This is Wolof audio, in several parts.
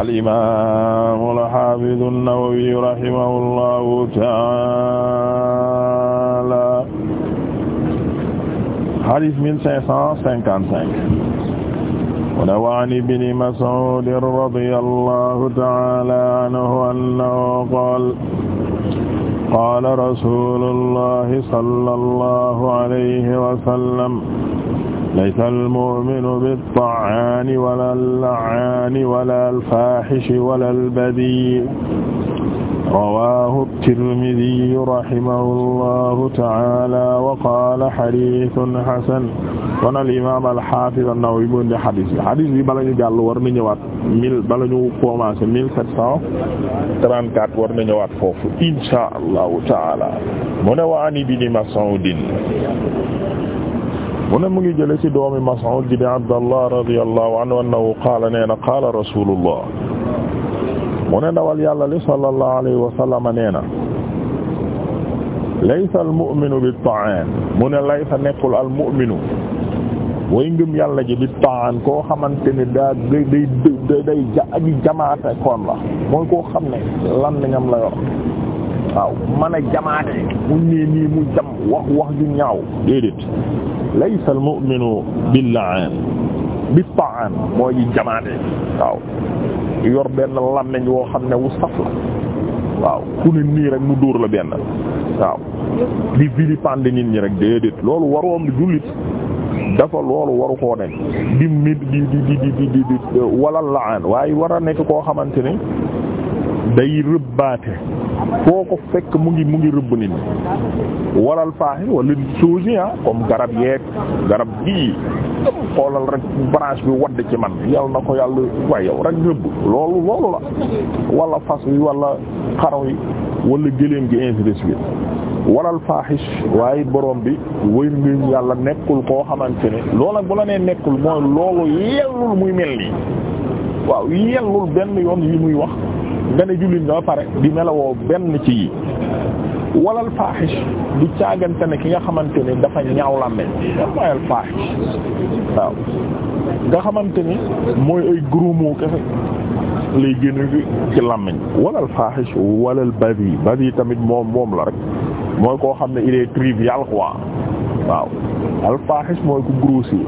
al-imaam al-haafiz an-Nawawi rahimahullahu ta'aala hadith mille cinq cent cinquante-cinq mu ne wa 'an ibn Mas'uud radiyallahu ta'aala anhu annahu qaala qaala rasuulullahi sallallahu alayhi wa sallam laysa al-mu'minu bit-ta'aani wala al-la'aani wala al-faahishi wala al-badii' rawaahu at-Tirmidhi rahimahullahu ta'aala wa qaala hadiithun hasan kon al-imaam al-haafiz an-Nawawi bu indi hadith bi hadith bi bala ñu jàll war na ñëwaat mille bala ñu commencé mille sept cent trente-quatre war na ñëwaat foofu inshaa Allahu ta'aala mu ne wa an Ibni Mas'uudin mu mu ngi jële ci doomi Mas'ud ji di Abdallah radiyallahu anhu annahu qaala nee na qaala rasulullah mu ne ndawal yàlla li sallallahu alayhi wa sallama nee na laysa almu'minu bi ta'an mu ne laysa nekkul almu'minu way ngëm yàlla ji bi ta'an koo xamante ne daa day day day ja aji jamaate la mooy koo xam ne lan nañam la yor waaw mën a jamaate muñ nee nii mu jam wax wax ju ñaaw déedéet laysa al mu'minu bil la'an bi mooy jamaate waaw yor benn làmmiñ woo xam ne wu saf la waaw ku ne nii rek mu dóor la benn waaw di vilipender nit ñi rek déedéet loolu waroom di jullit dafa loolu waru koo nekk di di di di di di di wala la'an waaye war a nekk koo xamante ne day rëbbaate foo ko fekk mu ngi mu ngi rëbb nit ñi waral faaxil wala sougi ah, comme garab yeeg garab bii xoolal rek branche bi wadd ci man yal na ko yàlla waaye yow rek rëbb loolu loolu la wala fas wi wala xaraw yi wala gëléem gi invidis bi faaxis waaye boroom bi wër ngi yàlla nekkul koo xamante ne loolu nag bu la nee nekkul mooy loolu yellul muy mel nii waaw yellul benn yoon yi muy wax nga ne jullit nga ba pare di melawoo benn ci yi walal faaxis du ne ki nga xamante ne dafa ñaaw làmmeñ mooy al waaw nga xamante ni mooy ay gros mots kese lay génn ci làmmeñ walal faaxis walal tamit moom moom la rek mooy koo xam ne il est trivial quoi waaw al faaxis mooy ku grossier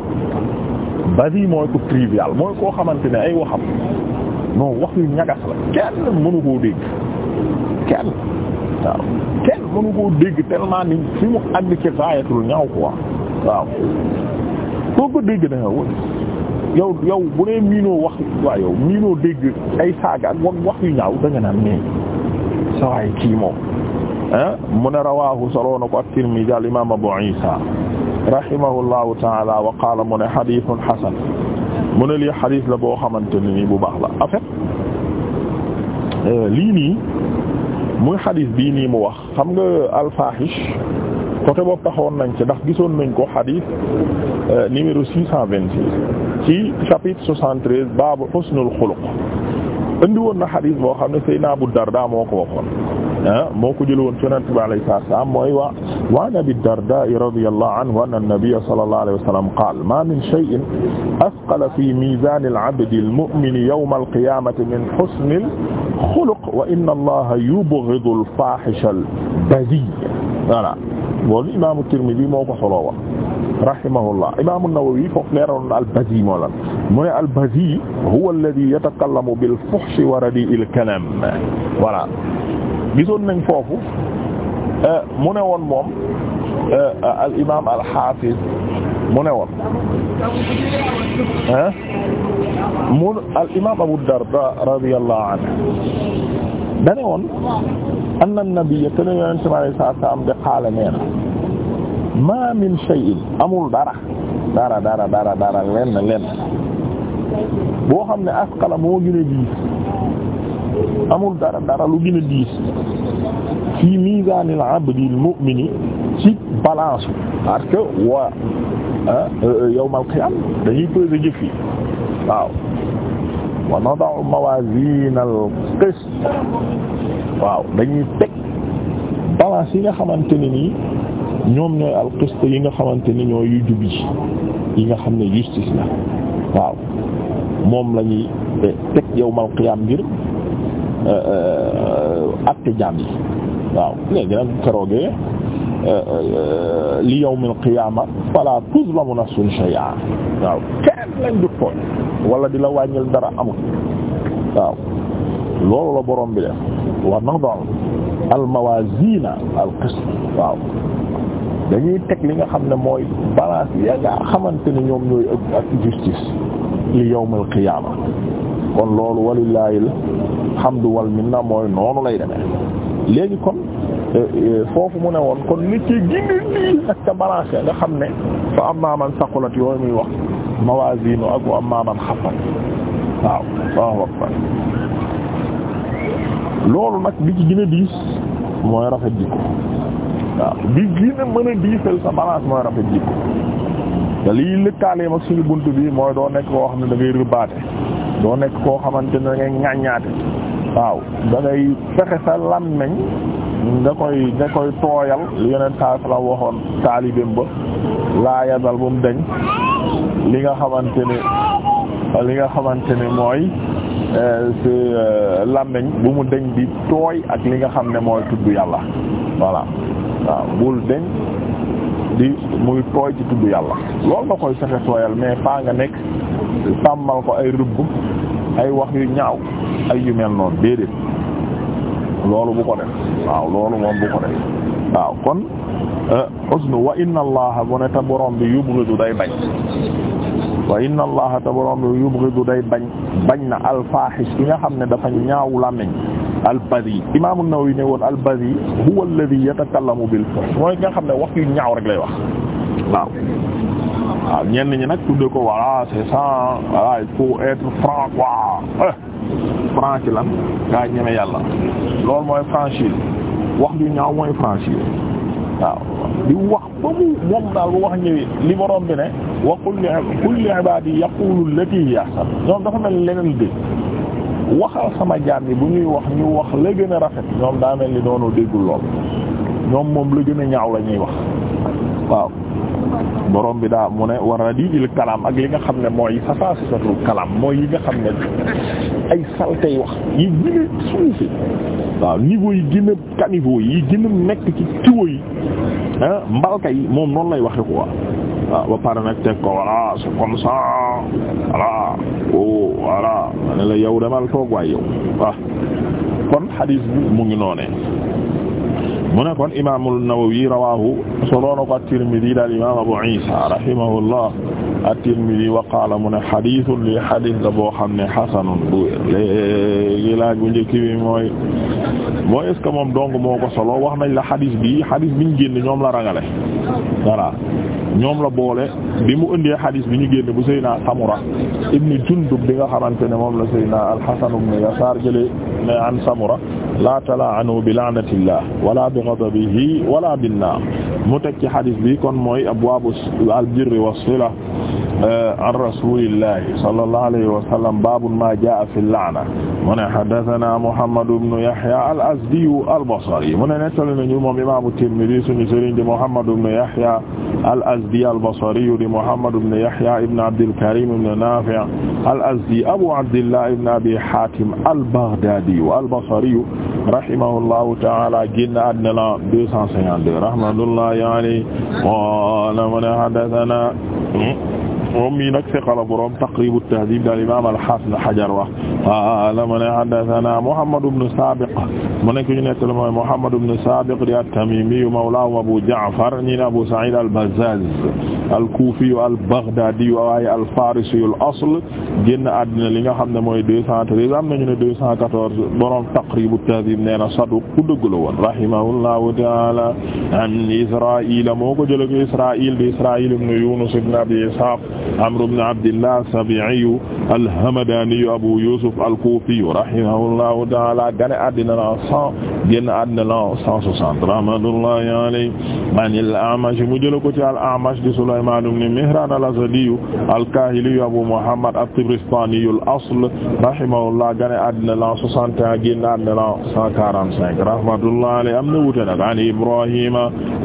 badi mooy ku trivial mooy koo xamante ne ay waxam non wax yu ñagas la kenn mënu koo dégg kenn waaw kenn mënu koo dégg tellement ni fi mu àgg ci gaayatul ñaaw quoi waaw boo ko dégg da nga yow bu dee miinoo wax waaw yow miinoo dégg ay saaga wax yu ñaaw da nga naan nee sawaay kii moom ah mu ne rawahu soloo na ko ak Tirmidhi al imam Abu Isa rahimahullahu ta'ala wa qala mu ne hasan mu ne lii xadiis la boo xamante ne nii bu baax la en fait euh, lii nii muy xadiis bii nii mu wax xam nga alfahish côté boobu taxoon nañ ci ndax gisoon nañ ko xadiis euh, numéro six cent vingt-six ci chapitre soixante-treize baabu xusnul xuluq indi woon na xadiis boo xam ne Seydina dar daa moo ko waxoon Ah, moo ko jëlee woon ci Yonent bi alayhi salaam mooy wa waan Abi Dardaa radiyallahu anhu anna an-nabiyya sallallahu alayhi wa sallam qaala maa min shay'in athqala fi miizaan al-'abdi al-mu'mini yawma al-qiyaamati min husni al-xuluq wa inna Allaha yubghidu al-faahisha al-baziyya voilà loolu Imaamu Tirmidi moo ko solo wa rahimahullah Imaamu Nawawi foofu leeroon na al-bazi moo lan mu ne al-bazi huwa alladhi yatakallamu bil-fuhshi wa radi'il kalaam voilà gisoon nañ foofu euh, mu ne woon moom euh, al imaam mu ne won ah mu al imaam Abu Darda radiyallahu anhu da ne woon anna nabiyya te ne yonent bi alayhi salaatu salaam de nee ma min shay'in amul dara dara dara dara dara lenn lenn boo xam ne asqala moo gën a amul dara dara lu gën a diis fii miizaanil abdil mu'mini ci balance parce que waa ah, euh, yawmal qiyaam dañuy peser jëf yi waaw wa nada'u mawaaziinal qist waaw dañuy teg balance yi nga xamante ne nii ñoom ñooy al qist yi nga xamante ni ñooy yu jub yi yi nga xam ne justice la waaw moom lañuy eh, teg yawmal qiyaam ngir Euh, atte jaam yi waaw léegi nag euh, euh, fala tuzlamu nafsun shay'an waaw kenn lañ du tooñ wala di la wàññil dara amul waaw loolu la borom bi def al mawaazina al qist waaw dañuy teg li nga xam ne mooy balance ya nga xamante ne ñoom ñooy ak justice li yawmil qiyaama kon loolu walillaahil xam alhamdu wal minna mooy noonu lay demee léegi kon euh, euh, foofu mu ne woon kon nit ki gindi nga xam ne fa amma man saqulat yooyu muy wax ak wa amma nag bi ci gën a diis mooy rafet jikko waaw bi gën a mën a diisal sa balance mooy rafet jikko te lii lëkkaaleem ak suñu bunt bi mooy doo nekk koo xam ne da rëbbaate doo nekk koo xamante ne da ngay ŋaññaate waaw da ngay fexe sa làmmeñ nga koy nga koy tooyal li yeneen la waxoon taalibeem ba laa yadal bu nga xamante ne li nga xamante ne mooy euh, si euh, làmmeñ bu mu deñ di tooy ak li nga xam ne mooy tudd yàlla voilà waaw bul deñ di muy tooy ci tudd yàlla loolu nga koy fexe tooyal mais faa nga nekk tàmmal ko ay rëbb ay wax yu ñaaw ay yu mel noonu déedéet loolu bu ko def waaw loolu moom bu ko def waaw kon xusnu euh, wa inna allaha bu ne te borom bi yubghidu day bañ wa inna allaha te borom bi yubghidu day bañ bañ na alfaaxis bi nga xam ne dafa ñaaw làmmiñ albadi imaam an-Nawawi ne woon albadi huwa alladhi yatakallamu bil fuhsh mooy nga xam ne wax yu ñaaw rek lay wax waaw ñenn ñi nag tudde ko voilà c'est ça voilà il faut être franc eh, lan ngaa ñeme yàlla lool mooy franchise wax ju ñaaw mooy franchise waaw di wax ba mu moom daal bu wax ñëwee li borom bi ne wa qul li kulli ibadi yaqulu allati hiya ahsan ñoom dafa mel leneen dégg waxal sama jaam bi bu ñuy wax ñu wax la gën a rafet ñoom daa mel ni doonu déggul lool ñoom moom la gën a ñaaw la ñuy wax waaw borom bi daa mu ne war na di il kalam ak li nga xam ne mooy safasisatul kalam mooy yi nga xam ne ay saltey wax yi gën a suufi waaw niveau yi gën a caniveau yi yi nekk ci tiwo yi ah, mbalka yi moom noonu lay waxe quoi waaw ba pare nag teg ko voilà c'est comme ça voilà oh voilà ma ne la yow demal toog waay yow waaw kon xadiis bi mu ngi noonee mu ne kon imaam an-Nawawi rawaahu soloona ko at-Tirmidi daal imaam Abu Isa rahimahullah at-Tirmidi wa qaala mu ne xadiisun li xadiis la boo xam ne xasanun bu léegi laaj bu njëkk bi mooy mooy est moom dong moo ko solo wax nañ la xadiis bi xadiis bi ñu génn ñoom la rangale voilà ñoom la boole bi mu indee xadiis bi ñu génn bu Seydina Samura ibn Jundub bi nga xamante ne moom la Seydina al-Hasan ibn Yasaar jëlee ne an Samura la talaanu bi laanatillah wala bi ghadabihi wala binnaar mu teg ci xadis bi kon mooy abwaabu al birri was sila an rasulillahi sallallahu alayhi wa sallam baabu ma jaa fi laana mu ne haddathana Muhammad ibn Yahya al-Azdi al-Basri mu ne nettali nañu moom imaamu Tirmidhi suñu sëriñ di Muhammad ibn Yahya al-Azdi al-Basri di Muhammad ibn Yahya ibn Abdil Karim ibn Nafi' al-Azdi Abu Abdillah ibn Abi Hatim al-Baghdadi al-Basri rahimahullahu ta'ala génn àddina la 252 rahmatullahi alayhi moom mii nag seqala borom taqrib at-tahdhib daal imam al-hafiz hajar wax ala mu ne haddathana muhammad ibn sabiq mu ne ki ñu nettali mooy muhammad ibn sabiq di at-tamimi mawlaahu abu ja'far ñi abu sa'id al-bazzaz al-kufi al-baghdadi waaye al-farisi al-asl génn àddina li nga xam ne mooy deux cent treize am nañu ne deux cent quatorze borom taqrib at-tahdhib nee na saduq ku dëgg la woon rahimahullahu ta'ala an Israa'iil moo ko jëlee ko Israa'iil di Israa'iil ibn Yunus ibn Abi Ishaaq Amr ibn Abdillah as-Sabi'i al-Hamdani Abu Yusuf al-Kufi rahimahullahu ta'ala gane àddina la génn àddina la 160 rahmatullahi alayhi an al-A'mash mu jël ko ci al-A'mash di Sulaymaan ibn Mihraan al-Asadi al-Kaahili Abu Muhammad at-Tabaristaani al-asl rahimahullah génn àddina la 61 génn àddina la 145 rahmatullahi alayhi am na wuute nag an Ibraahiim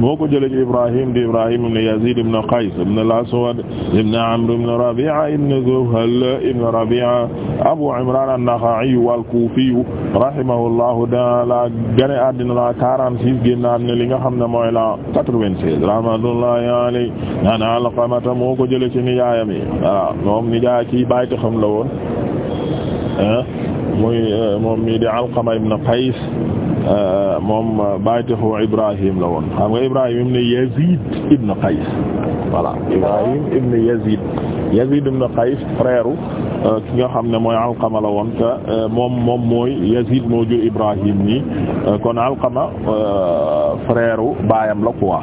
moo ko jël ci Ibraahiim di Ibraahiim ibn Yaziid ibn Qays ibn al-Aswad ibn Amr ibn Rabi'a ibn Zuhal ibn Rabi'a Abu Imraan an-Nakha'i al-Kuufi rahimahullahu ta'aala gane àddina la 46 génnaat ne li nga xam ne mooy la 96 rahmatullahi Alqamata moo ko jële ci nijaayam yi waaw moom nijaay ci bàyyi xam la woon muy euh, di Alqama ibn Qays Euh, moom euh, baytaxu Ibrahim la woon xam nga Ibrahim ibn Yazid Ibrahim ibn Yazid Yazid Qays frère euh, ki xam ne mooy Alqama la woon te moom moom mooy Yazid moo Ibrahim ni kon Alqama frère baayam la quoi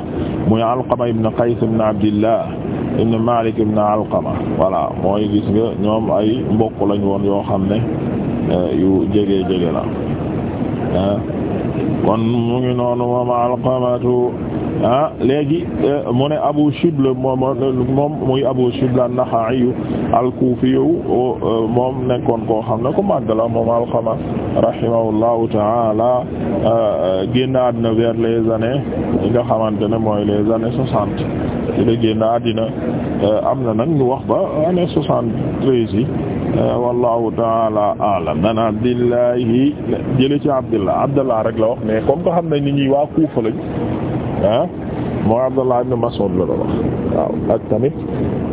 muy Alqama ibn Qays ibn Abdillah ibn Malik ibn Alqama voilà mooy gis nga ñoom ay mbokk lañ woon yoo xam ne yu jege jege la kon mu ngi noonu moom alqamatu ah léegi eh, mu ne Abu Shibl moom moom muy Abu Shibl an-Naxa'i al eh, moom nekkoon koo xam ne ko màgg la moom alqama rahimahullahu ta'ala eh, génn na vers les années yi nga xamante ne mooy les années soixante ci la génn àddina am na nag ñu wax ba Eh, wallahu taala alam nan abdillahi jële ci abdillah abdallah rek la wax mais comme ko xam ne nit ñi waa Kuufa lañu ah moo abdallah ibn Mas'ud la doon wax waaw ak tamit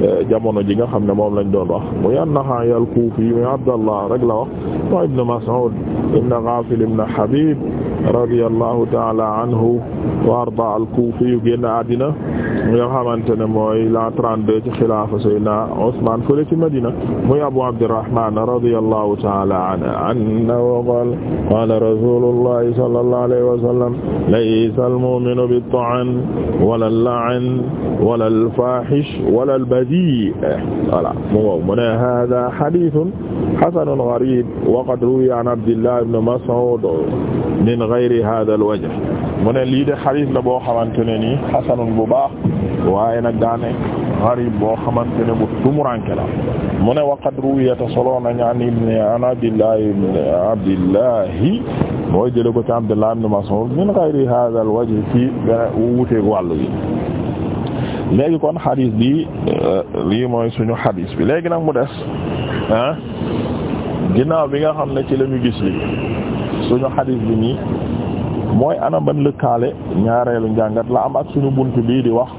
eh, jamono ji nga xam ne moom lañ doon wax muy an-Naxa'i al-Kuufi muy abdallah rek la wax moo ibn Mas'ud ibn Ghafil ibn Habib radiyallahu taala anhu wa arda al-Kuufi yu génn àddina mi nga xamante ne mooy la 32 ci xilaafa sayyidina Usmaan fële ci Madina muy Abu Abdurrahmaan radiyallahu ta'ala anhu qaala qaala rasuulullahi sallallahu alayhi wa sallam laysa al-mu'minu bit-ta'an wala al-la'n wala al-faahish wala al-badii' voilà mu ne haadha hadiithun hasanun ghariib wa qad ruwiya an Abdillah ibn Mas'uud min ghayri haadha al-wajh mu ne lii de hadiis la boo xamante ne nii hasanun bu baax waaye nag daane gharib boo xamante ne bu tumuranke la mu ne waqad ruwiyata solo nañ an ibni an abdillahi ibn abdillahi mooy jële ko ci abdullah ibn mas'ud min ghayri hadha al-wajh ci wuteeg wàllu yi léegi kon xadis bi euh, lii mooy suñu xadis bi léegi nag mu des ah ginnaaw bi nga xam ne ci la ñu gis li suñu xadis bi nii mooy ana ban lëkkaale ñaareelu njàngat la am ak suñu bunt bii di wax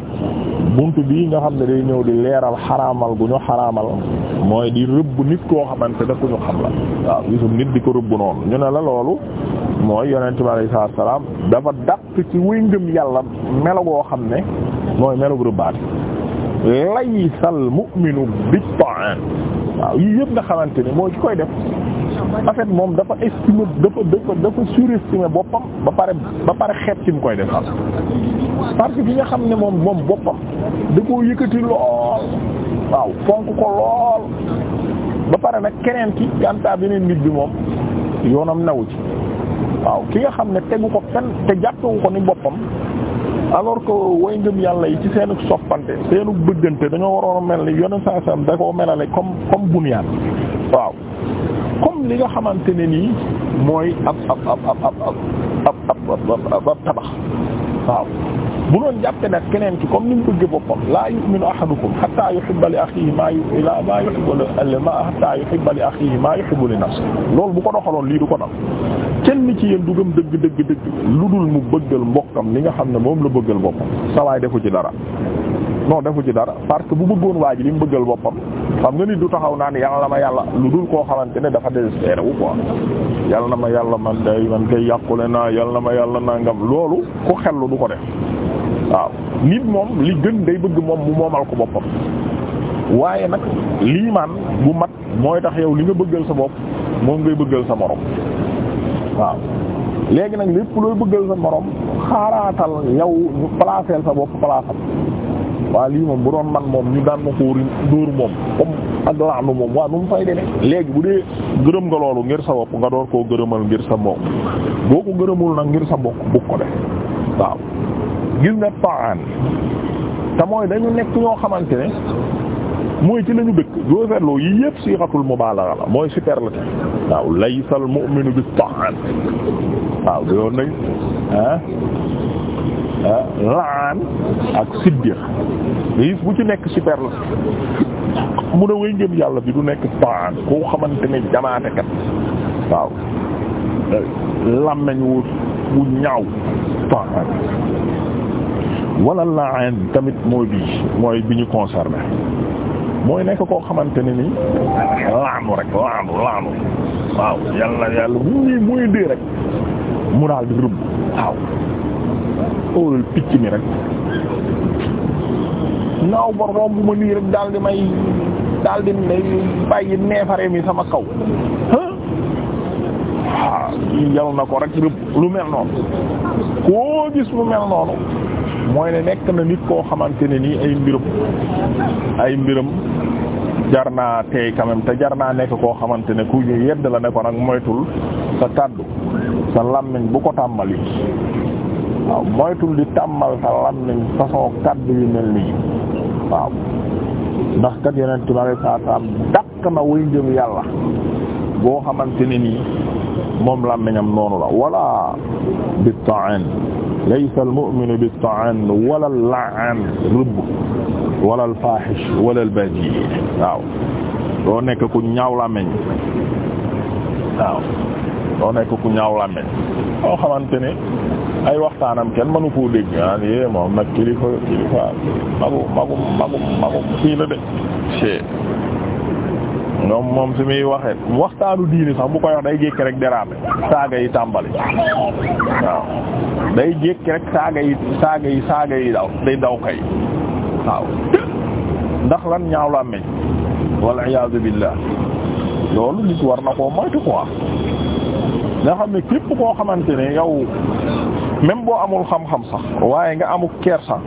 bunt bii nga xam ne day ñëw di leeral xaraamal gu ñu xaraamal mooy di rëbb nit koo xamante ne ku ñu xam la waaw gisum nit di ko rëbb noonu ñu ne la loolu mooy yonent bi alayhi salaatu salaam dafa dàq ci wéy ngëm yàlla melo goo xam ne mooy melo bu rëbbaate laysal mu'minu bit ta'an waaw yii yëpp na xamante ni mooy ci koy def en moom dafa estimer dafa dafa dafa surestimer boppam ba pare ba pare xet ci mu koy defal parce que bi nga xam ne moom moom boppam da koo yëkkati lool waaw fonk ko lool ba pare nag keneen ki gantaa beneen nit bi moom yoonam nawu ci waaw ki nga xam ne tegu ko fenn te jàppewu ko ni boppam alors ko way ngëm yàlla yi ci seenu soppante seenu bëggante dañoo waroon a mel ni yoneen saa sam da koo melale comme comme bunyaan comme li nga xamante ne nii mooy ab ab ab ab ab ab ab tabax waaw bu doon jàppe nag keneen ki comme ni mu bëgg boppam laa yu'minu ahadukum hatta yuhibba li akhihi ma ila ma yuhibbu ma hatta yuhibba li akhihi ma yuhibbu li nafsi loolu bu ko doxaloon lii du ko dal kenn ci yéen du gëm dëgg dëgg dëgg lu dul mu bëggal mbokkam li nga xam ne moom la bëggal boppam sawaay defu ci dara non defu ci dara parce que bu bëggoon waa ji li mu bëggal boppam xam nga nit du taxaw naan yàlla na ma yàlla lu dul koo xalante ne dafa désespéré wu quoi yàlla na ma yàlla man day man kay yàqule naa yàlla na ma yàlla naa nangam loolu ku xellu du ko def waaw nit moom li gën day bëgg moom mu moomal ko boppam waaye nag maan bu mat mooy tax yow li nga bëggal sa bopp moom ngay bëggal sa moroom waaw léegi nag lépp looy bëggal sa morom xaaraatal yow ñu placer sa bopp place waa lii moom bu doon man moom ñu daan ma ko dóor moom comme ak laanu moom waa nu mu fay demee léegi bu dee gërëm nga loolu ngir sa bopp nga door koo gërëmal ngir sa mbokk boo ko gërëmul nag ngir sa mbokk bu ko def waaw gis nga paan te mooy dañu nekk ñoo xamante ne mooy ci lañu dëkk boo seetloo yi yëpp siixatul mubaalaga la mooy superlatif waaw laysal mu'minu bi ta'an waaw doon nañ ah laan ak siddiq gis bu ci nekk superlatif mu ne way ngëm yàlla bi du nekk taan koo xamante ne jamaatekat waaw làmmeñ wu wu ñaaw taan wala laan tamit mooy bi mooy bi ñu concerné mooy nekk koo xamante ne ni laanu rek laanu laanu waaw yàlla yàlla mu muy muy dee rek mu daal di rëbb waaw xoolal picc mi rek naaw ba romb ma nii rek daal di may daal di may bàyyi neefare mi sama kaw ah yal na ko rek lu mel noonu koo gis lu mel noonu mooy ne nekk na nit koo xamante ne nii ay mbiram ay mbiram jar naa tey quand te jar naa nekk koo xamante ne ku ñu yedd la ne ko nag moytul sa kàddu sa làmmiñ bu ko tàmbali waaw moytul li tàmmal sa làmmiñ façon kaddu yu mel nii waaw ndax kat yeneen ci bari saa saam dàq na wuy njëm yàlla boo xamante ne nii moom làmmiñam noonu la wala bi ta'an laysa al bi ta'an wala al-la'an rubb wala al-fahish waaw doo nekk ku ñaaw làmmiñ waaw doo nekk ku ñaaw làmmiñ boo xamante ay waxtaanam kenn mënu koo dégg ah eh, moom nag kilifa kilifa magum magum magum magum fii de. ñoom moom su muy waxee waxtaanu diini sax bu koy wax day jékki rek déraper saaga tàmbali waaw day jékki rek saaga yi saaga saaga yi daw day daw kay waaw ndax lan ñaaw la meñ walla iyaazu billaah loolu nit war na koo moytu quoi nga xam ne képp koo xamante ne yow même boo amul xam-xam sax waaye nga amul kersa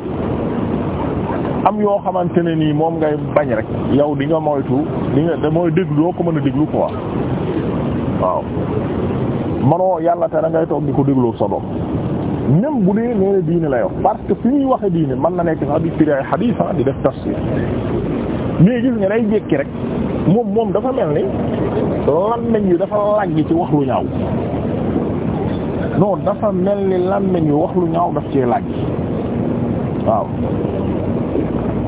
am yoo xamante ne nii moom ngay bañ rek yow di nga moytu di nga da mooy déglu doo ko mën a déglu quoi waaw manoo yàlla te da ngay toog di ko déglu sa bopp même bu dee nee na la yox parce que fi ñuy waxe diine man na nekk sax di firi ay xadiis ah, di def tafsir mais gis nga day jékki rek moom moom dafa mel ni lan nañ yi dafa làgg ci wax lu ñaaw non dafa mel ni làmmiñ wi wax lu ñaaw daf cee laaj waaw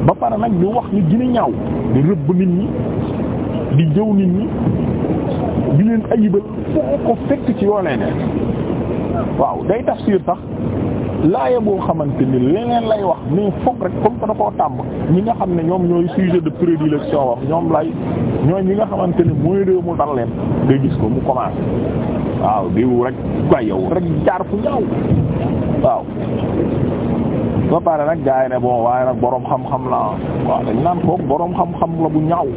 ba pare nag di wax ni gën ñaaw di rëbb nit ñi di jëw nit ñi di leen ayibal foo ko fekk ci yoo lay ne waaw day tafsir sax laaya boo xamante ni leneen lay wax mais foog rek comme que da ko tàmb ñi nga xam ne ñoom ñooy sujet de prédilection wax ñoom lay ñooy ñi nga xamante ni mooy réew mu dal leen ngay gis ko mu commencé waaw diw rek quoi yow rek jaar fu ñaaw waaw ba pare nag gaa ne bon waaye nag boroom xam-xam la waaw dañ naan kooku boroom xam-xam la bu ñaaw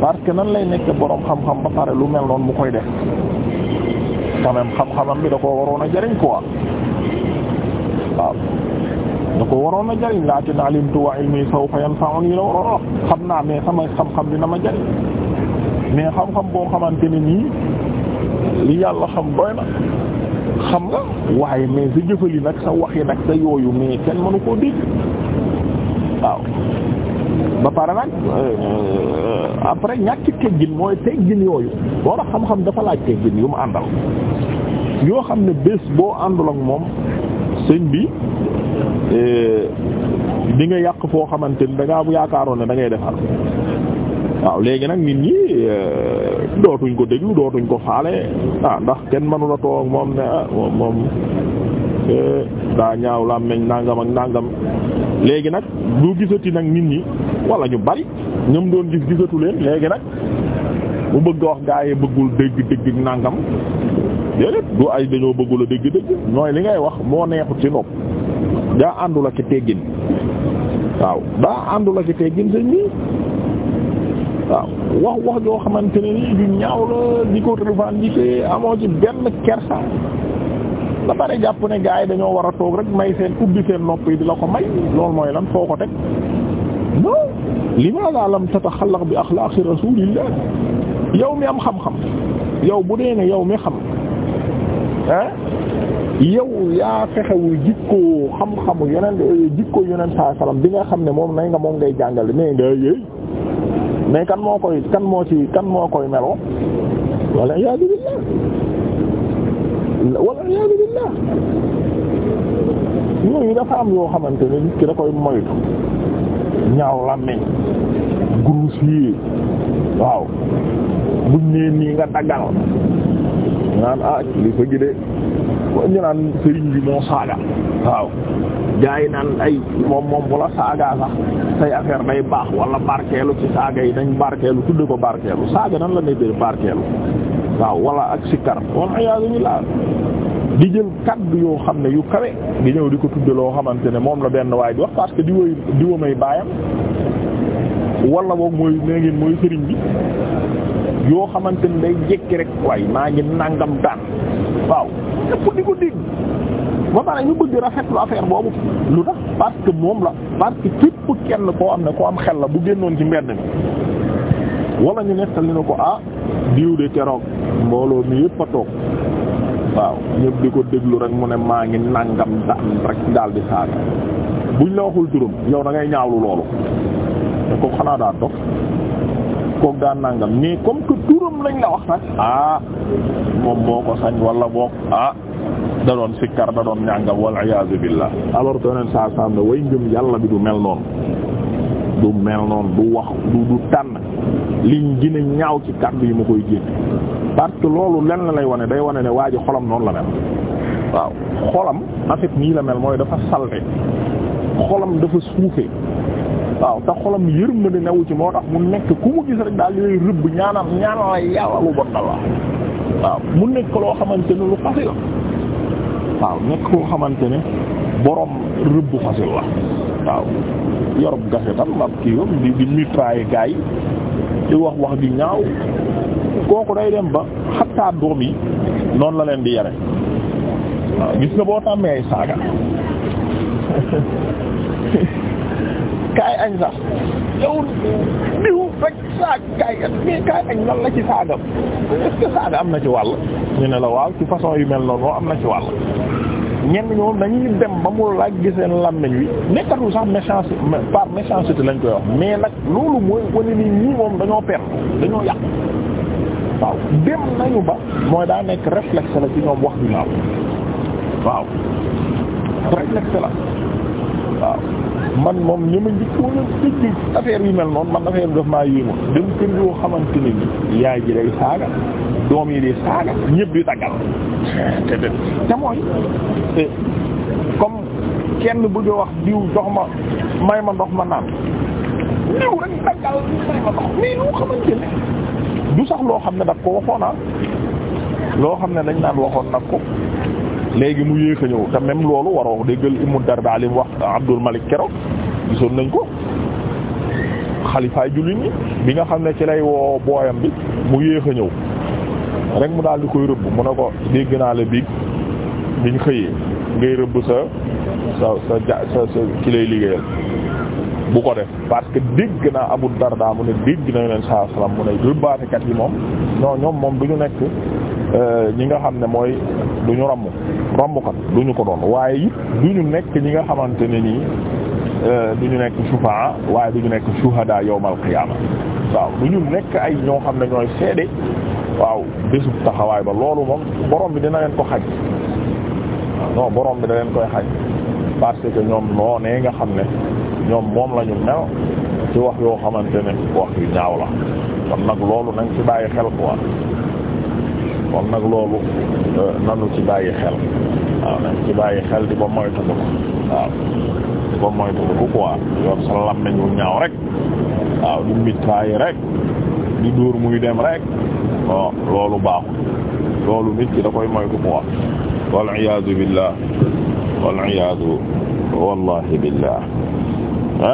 parce que nan lay nekk boroom xam-xam ba pare lu mel noonu mu koy def quand même xam-xamam da ko waroon a jariñ ko waaw da ko waroon a jariñ laakin alimtu wa ilmi sawfa yanfa'uni la waroon a xam naa mais sama xam-xam dina ma jariñ mais xam-xam boo xamante ne nii li yàlla xam doy na xam nga waaye mais sa jëfali nag sa wax nag sa yooyu mais kenn mënu koo dégg waaw ba pare nag euh, après ñàkk teggin mooy teggin yooyu loolu xam-xam dafa laaj teggin yu mu àndal yoo xam ne bés boo àndul ak moom sëñ bi euh, di nga yàq foo xamante ni da ngaa bu yaakaaroon ne da ngay defar waaw léegi nag nit ñi euh, dootuñ ko déglu dootuñ ko xaale ah ndax kenn mënula toog moom ne ah moom moom euh, daa ñaaw la meñ nangam ak nangam léegi nag du gisati nag nit ñi wala ñu bari ñoom doon gis gisatu leen léegi nag mu bëgg wax gaa yi bëggul dégg dégg nangam déedéet du ay dañoo bëggul a dégg dégg mooy li ngay wax moo neexut ci nopp daa àndul ak teggin waaw daa àndul ak teggin sëñ bi waaw wax wax joo xamante ne nii du ñaaw la di ko revendiquer amoo ci benn kersa la bare jàpp ne gars yi dañoo war a toog rek may seen ubbi seen nopp yi di la ko may loolu mooy lan foo ko teg non limaada lam tataxallaq bi axlaaqi rasulillah yow mi am xam-xam yow bu dee ne yow mi xam ah yow yaa fexewul jikkoo xam-xamu yeneen jikkoo yeneen saa salaam bi nga xam ne moom nay nga moom ngay jàngale nee nga yéey mais kan moo koy kan moo ci kan moo koy meloo walla iyaazu billaah walla iyaazu billaah yooyu dafa am yoo xamante ne nit ki da koy moytu ñaaw làmmiñ grossier waaw buñ nee nii nga daggal ñu naan ah kilifa gi de ñu naan sëriñ bi moo saaga waaw gaa yi naan ay moom moom bu la saagaa sax say affaire day baax wala barkeelu ci saaga yi dañ barkeelu tudde ko barkeelu saaga nan la ne dee barkeelu waaw wala ak sikkar wala iyaazu billaah di jël kaddu yoo xam ne yu kawe di ñëw di ko tudde loo xamante ne moom la benn waay di wax parce que di woy di wamay baayam wala boog mooy nee ngeen mooy sëriñ bi yoo xamante ni day jekki rek waaye maa ngi nangam daan waaw ñëpp di ko dégg rafetlu affaire boobu lu tax moom la parce que képp kenn koo am ne koo am xel la bu génnoon ci mbedd mi wala ñu nettali na ko ah diw de keroog mbooloo mi yëpp a toog waaw ñëpp di ko déglu rek mu ne maa ngi nangam daan rek daal di saaga buñ la waxul turam yow da ngay ñaawlu loolu te ko xanaa daa dox kook daa nangam mais comme que turam lañ la wax nag ah moom moo ko sañ wala boog ah da doon sikkar da doon ñàngam wal iyaazu billah alors que yeneen saa saa ne way ngëm yàlla bi du mel noonu du mel noonu du wax du du tànn liñ gën a ñaaw ci kàddu yi ma koy génne parce que loolu lenn lay wane day wane ne waa ji xolam noonu la mel waaw xolam en nii la mel mooy dafa salte xolam dafa suufee waaw te xolam yërmande newu ci moo tax mu nekk ku mu gis rek daal yooyu rëbb ñaanal ñaanal yàlla lu bon la waaw mu nekk loo xamante ne lu fasil waaw nekk koo xamante ne boroom rëbb fasil la waaw yorub gase tam kii yom di di mitrailler gars di wax wax di ñaaw kooku day dem ba xattaa doom yi noonu la leen di yare waaw gis nga boo tàmmee ay saaga kaay añ sax yow diw rek saag kaay kaay añ lan la ci saagam est saaga am na ci wàll ñu ne la waaw ci façon yu mel noonu am na ci wàll ñenn ñoom dañuy dem ba mu laaj giseen làmmiñ wi nekkatul sax méchanceté par méchanceté lañ koy wax mais nag loolu mooy wane ni ñii moom dañoo perdre dañoo yàq waaw dem nañu ba mooy daa nekk réflexe la ci ñoom wax ju naaw waaw réflexe la man moom ñi ma njëkkoon a dégg affaire yu mel noonu man affaire bi daf maa yéemu dem kër yoo xamante ni nii yaay ji day saaga doom yi di saaga ñëpp di taggal te mooy comme kenn bëgg a wax diw jox ma may ma ndox ma naan néew rek loo du sax loo xam ne daf ko waxoon ah. loo xam ne dañ naan waxoon nag ko. léegi mu yéex a ñëw te même loolu waroo déggal Ibnu Dardaa li mu wax Abdul Malik Kero gisoon nañ ko xalifaay jullit ñi bi nga xam ne ci lay woo booyam bi mu yéex a ñëw rek mu daal di koy rëbb mu ne ko dégg naa la biig biñ xëyee ngay rëbb sa sa sa ja lay liggéeyal bu ko def parce que dégg naa Abu Dardaa mu ne dégg na Yonent saa salaam mu ne rëbbaatekat yi moom non ñoom moom du ñu nekk Euh, ñi nga xam ne mooy du ñu ramm rammukat du ñu ko doon waaye it du ñu nekk ñi nga xamante ne nii euh, du ñu nekk sufaa waaye du ñu nekk shuhada yawmal qiyaama waaw du ñu nekk ay ñoo xam ne ñooy seede waaw bésub taxawaay ba loolu moom borom bi dina leen ko xaj noo borom bi da leen koy xaj parce que ñoom noonee nga xam ne ñoom moom la ñu mel ci wax yoo xamante ne wax yu ñaaw la kon nag loolu nañ ci bàyyi xel quoi. kon nag loolu euh, nanu ci bàyyi xel bàyyi xel di ba moytu ko waaw di ba moytu ñaaw rek waaw di mitrailler rek di dóor muy dem rek bon loolu baaxul loolu ki da koy moytu quoi wal iyaadu billah wallahi billah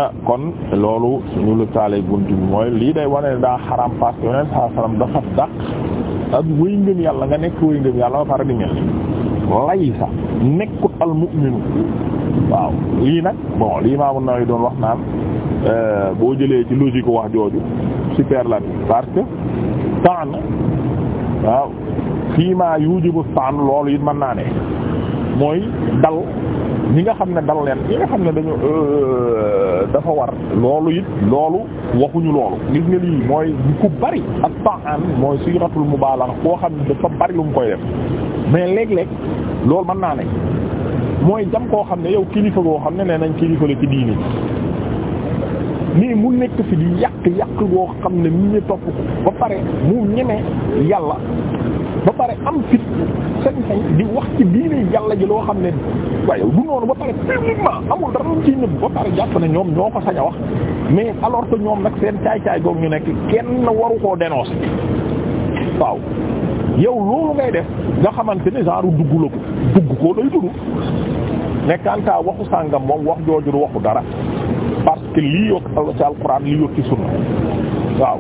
ah kon loolu suñu lu taale bunt bi mooy lii day wane daa xaram parce dafa dàq ak wëy ngëm yàlla nga nekk wëy ngëm yàlla ba pare di mel nii laysa nekkut al mu'minu waaw lii nag bon lii Imam An-Nawawi doon wax naan euh, boo jëlee ci logique wax jooju superlatif parce que taan waaw fii maa yujibu taan loolu it mën naa ne mooy dal ñi nga xam ne dal leen ñi nga xam ne dañu euh, dafa war loolu it loolu waxuñu loolu gis nga lii mooy ku bari ak ta'an mooy mu mubalagha koo xam ne dafa bari lu mu koy def mais léeg-léeg loolu mën naa ne mooy jam koo xam ne yow kilifa goo xam ne nee nañ kilifa la ci diini mais mu nekk fi di yàq yàq goo xam ne mi ñu topp ko ba pare mu ñeme yàlla ba pare am fit sañ-sañ di wax ci diine yàlla ji loo xam ne waaye du noonu ba pare publiquement amul dara lu ciy nëbb ba pare jàpp ne ñoom ñoo ko sañ a wax mais alors que ñoom nag seen caay-caay goog ñu nekk kenn waru koo dénoncer waaw yow loolu ngay def nga xamante ne genre dugg la ko dugg koo lay tudd nekkantaa waxu sàngam moom wax jooju du waxu dara parce que lii yokk ci alxuraan lii yokk ci sunna waaw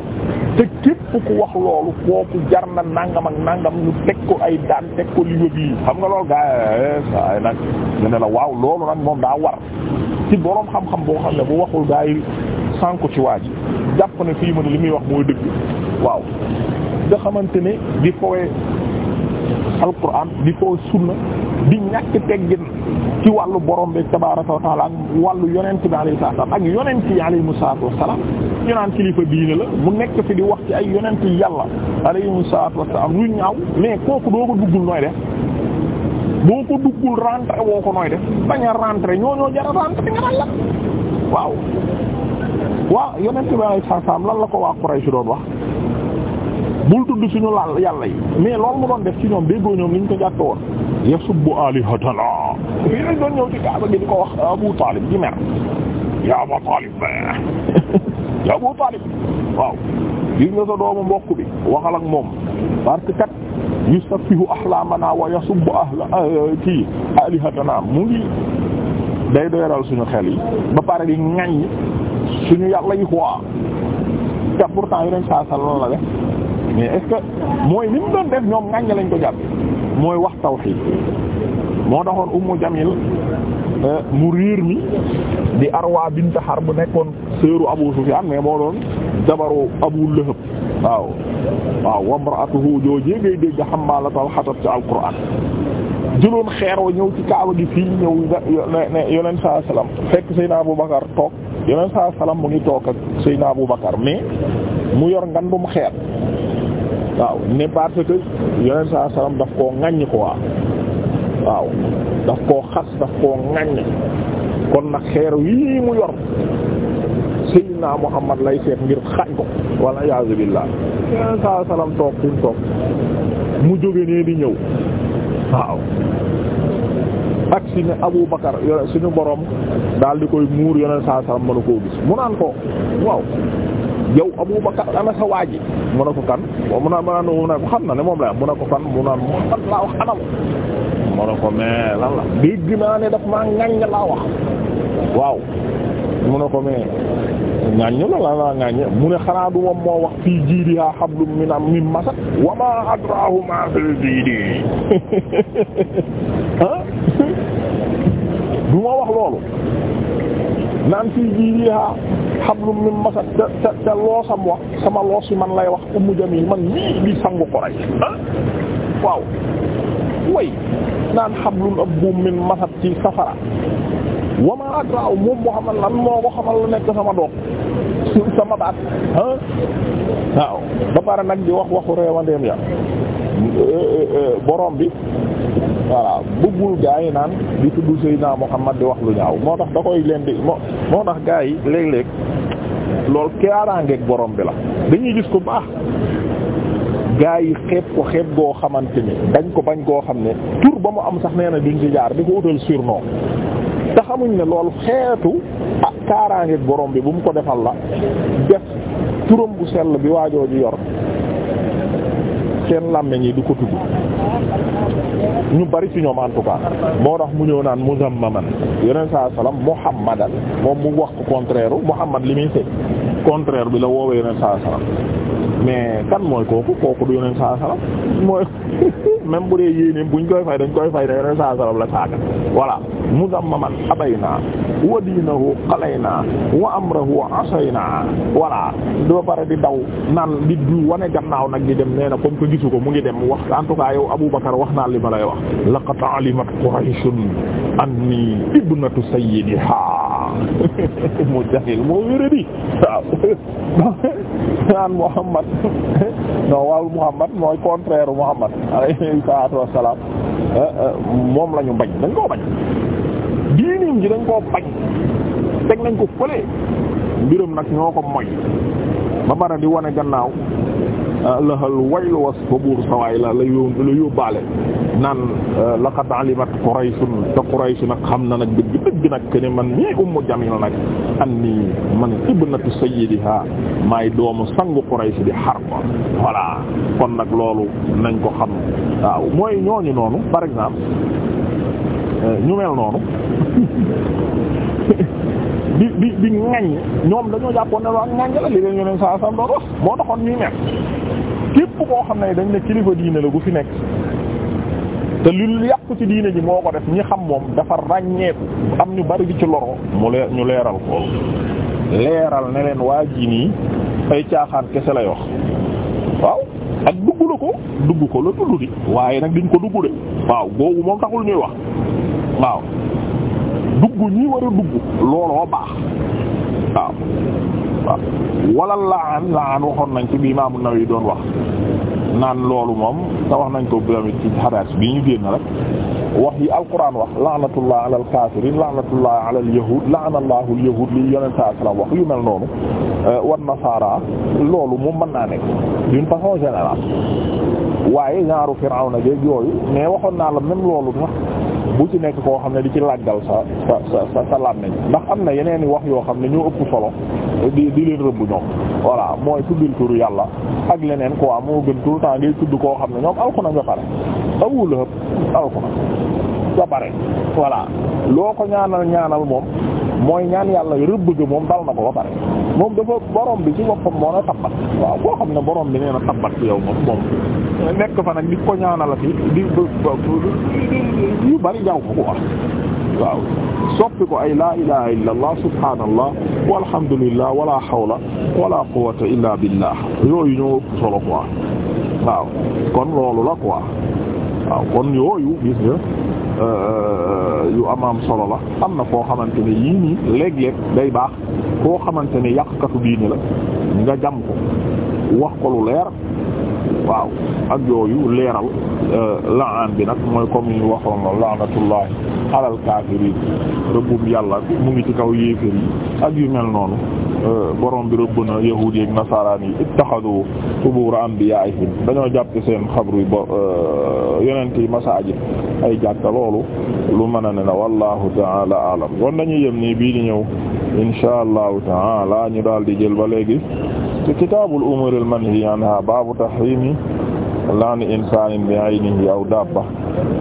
te képp ku wax loolu kooku jar na nangam ak nangam ñu teg ko ay daan teg ko li bii xam nga loolu gaa eh, saa nag ñu ne la waaw loolu nag moom daa war ci boroom xam-xam boo xam ne bu waxul gaa yi ci waa ji jàpp na fii mu ne li muy wax mooy dëgg waaw nga xamante ne di fowee alquran di foo sunna di ñàkk teggin ci wàllu borom be tabaaraka wa taala ak wàllu yonent bi alayhi salaam ak yonent yi alayhimu salaatu wassalaam ñu naan kilifa diine la mu nekk fi di wax ci ay yonent yàlla alayhimu salaatu wassalaam lu ñaaw mais kooku doo ko duggul nooy def boo ko duggul rentré woo ko nooy de bañ a rentré ñoo ñoo jar a rentré nga naan la waaw. waaw yonent bi alayhi salaam lan la ko waa Quraysh doon wax. bul tudd suñu laal yàlla yi mais loolu mu doon def ci ñoom déggoo ñoom ni ñu ko jàppe woon yasubbu alihatana fii lañ doon ñëw ci kaaba gi di ko wax Abu Talib di mer ya Abu Talib ya Abu Talib waaw gis nga sa doomu mbokk bi waxal ak moom parce que kat yusaffihu ahlamana wa yasubbu ahla ah, kii alihatana mu ngi day doyral suñu xel yi ba pare di ŋaññi suñu yàlla yi quoi te pourtant yeneen saa la de mais est-ce que mooy li mu doon def ñoom ngañ lañ ko jàpp mooy wax tawhid moo taxoon Ummu Jamil euh, mu riir mi di Arwa bint Harb bu nekkoon seeru Abu Sufyan mais moo doon jabaru Abu Lahab waaw waaw wa imra'atuhu joojee ngay dégg hammalatal hatab ci alquran jëloon xeeroo ñëw ci kaaba gi fii ñëw ne yonent saa salaam fekk Seydina Aboubacar toog yonent saa salaam mu ngi toog ak Seydina Aboubacar mais mu yor ngan mu xeer waaw ne parce que yonent saa salaam daf koo ŋaññ quoi waaw daf koo xas daf koo ŋaññ kon nag xeer yii mu yor Seydina Muhammad lay seet ngir xañ ko wala yaazu billaah yonent saa salaam toog fi toog mu jóge nee di ñëw waaw ak si ne Abu Bakar suñu borom daal di koy muur yonent saa salaam mënu koo gis mu naan ko waaw. yow Abubakar ana sa waaji mu ne ko kan mu ne ma mu ne ko a na ne moom la mu ne ko kan mu naan Muhammad laa wax anam mu ne ko mais lan la dégg naa ne daf maa ko mais ŋaññ la la laa ŋaññ mu ne xanaa du moom moo wax fii jiidihaa hablum min min masad wa ma adrahu ma fil jiidi ah du ma wax loolu naan fii jiidihaa hablum min masad te te te loosam wax sama loos yi man lay wax ummu jamil man mii bi sangu Quraysh ah waaw way naan hablum ab buum min masad ci safara wama adraaw moom moo xamal lan moo ko xamal nekk sama doom sama baat ah waaw ba pare nag bi wax waxu reewandeem ya eh, eh, eh, borom bi voilà bëggul gaa yi naan di tudd naa Muhammad di wax lu ñaaw moo tax da koy leen di moo moo tax gaa yi léeg-léeg lool kaaraangeeg borom bi la dañuy gis ko baax gaa yi xeeb ko xeeb goo xamante ni dañ ko bañ koo xam ne tur ba mu am sax nee na duñ ci jaar di ko utal surnom te xamuñ ne lool xeetu ah kaaraangeeg borom bi bu mu ko defal la def turam bu sell bi waajoo ji yor seen làmmiñ yi du ko tudd ñu bari ci ñoom en tout cas moo tax mu ñëw naan muzammaman yeneen saa salaam muhammadan moom mu wax ko contraire muhammad li muy seet contraire bi la woowee yeneen saa salaam mais kan mooy kooku kooku du yeneen saa salaam mooy. même bu dee yéeneem koy fay dañ koy fay te yoneen saa sallam la saaga voilà muzammaman abayna wa diinahu qalayna wa amrahu asayna voilà doo pare di daw naan di du wane gannaaw nag di dem nee na comme que gisu ko mu ngi dem wax en tout cas yow wax naa li ma lay wax laqad alimat qurayshun anni ibnatu sayyidiha waaw mu jaxil moo wéradi naan Muhammad non waaw Muhammad mooy contraire Muhammad alayhi salaatu wassalaam eh, eh, moom lañu bañ dañ koo bañ diinim ji dañ koo bañ teg nañ ko fële mbirum nag ñoo ko moy ba bara di wane gannaaw lahal waylu was sabuur sawaay la la la yóbbaale naan euh, laqad alimat qurayshun nag xam na nag dëgg dëgg nag ke ne man mii ummu jamil nag anni man ibnatu sayyidiha maay doomu sangu quraysh di harb voilà kon nag loolu nañ ko xam waaw mooy ñooñu noonu par exemple euh, ñu mel noonu di di di ŋaññ ñoom dañoo jàppoon ne waa ŋaññ la li leen ne saa saa doon wax moo taxoon ñuy mel képp koo xam ne dañ ne kilifa diine la gu fi nekk te lu yàqu ci diine ji moo ko def ñi xam moom dafa ràññeeku am ñu bari bi ci loro mu leer ñu leeral ko leeral ne leen waa ji nii ay caaxaan kese lay wax waaw ak dugg la ko dugg ko la tudd di waaye nag diñ ko dugg de waaw googu moom taxul ñuy wax waaw dugg ñi war dugg looloo baax waaw waaw wala laan laan waxoon nañ ci bi Imaam An-Nawawi doon wax naan loolu moom te wax nañ ko tamit ci xadaas bii ñu génn rek wax yi alquran wax laanatullah ala alkaafiriin laanatullah ala alyahud laanallahu alyahud li yonent saa salaam wax yu mel noonu eh, wan nasaara loolu moom mën naa nekk d'une façon générale waaye genre Firawna jeeg yooyu mais waxoon naa la même loolu sax bu ci nekk koo xam ne di ci làggal sa sa sa sa ndax am na yeneen i wax yoo xam ne ñoo ëpp solo di di leen rëbb ñoom voilà mooy tuddil turu yàlla ak leneen ko quoi moo gën tout le temps ngay tudd koo xam ne ñoom alku na nga pare Abu Lahab alku na nga pare voilà loo ko ñaanal ñaanal moom mooy ñaan yàlla rëbb ga moom dal na ko ba pare moom dafa borom bi ci boppam moo na tabbat waaw koo xam a borom bi nee na tabbat yow moom moom nekk fa ko ñaanal fi di yu bari jaw ko ko soppi ko ay la ilaha illa allah subhaanallah walhamdulillah wala hawla wala quwwata illa billah yooyu ñoo ëpp solo quoi kon loolu la quoi kon yooyu gis nga Euh, yu amaam solo la am na foo xamante ne yii nii léeg-léeg day baax koo xamante ne yàqkatu diine la nga jam ko wax ko lu leer waaw ak yooyu leeral euh, laan bi nag mooy comme yu waxoon la laanatullah alal kaafiriin rëbbum yàlla mu ngi ci kaw yéeféer yi ak yu mel noonu euh, borom bi rëbb na yahuud yi ak nasaraan yi ittaxadu qubuur anbiyaa'ihim dañoo jàpp seen xabru yi ba yonent yi masaajid ay jàkka loolu lu mën a ne la wallahu taala alam kon dañuy yem nii bii di ñëw insha allahu taala ñu daal di jël ba léegi ci kitaabul umuur al manhi anha baabu tahrimi laani insaanin bi aynihi aw dabba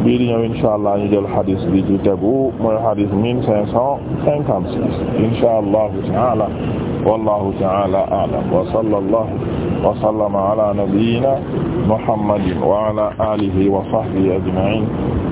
bii di ñëw insha allah ñu jël xadis bi ci tegu mooy xadis mille cinq cent cinquante six insha allahu taala wallahu taala a'lam wa sallallahu wa sallama ala nabiyyina muhammadin wa ala alihi wa sahbihi ajma'in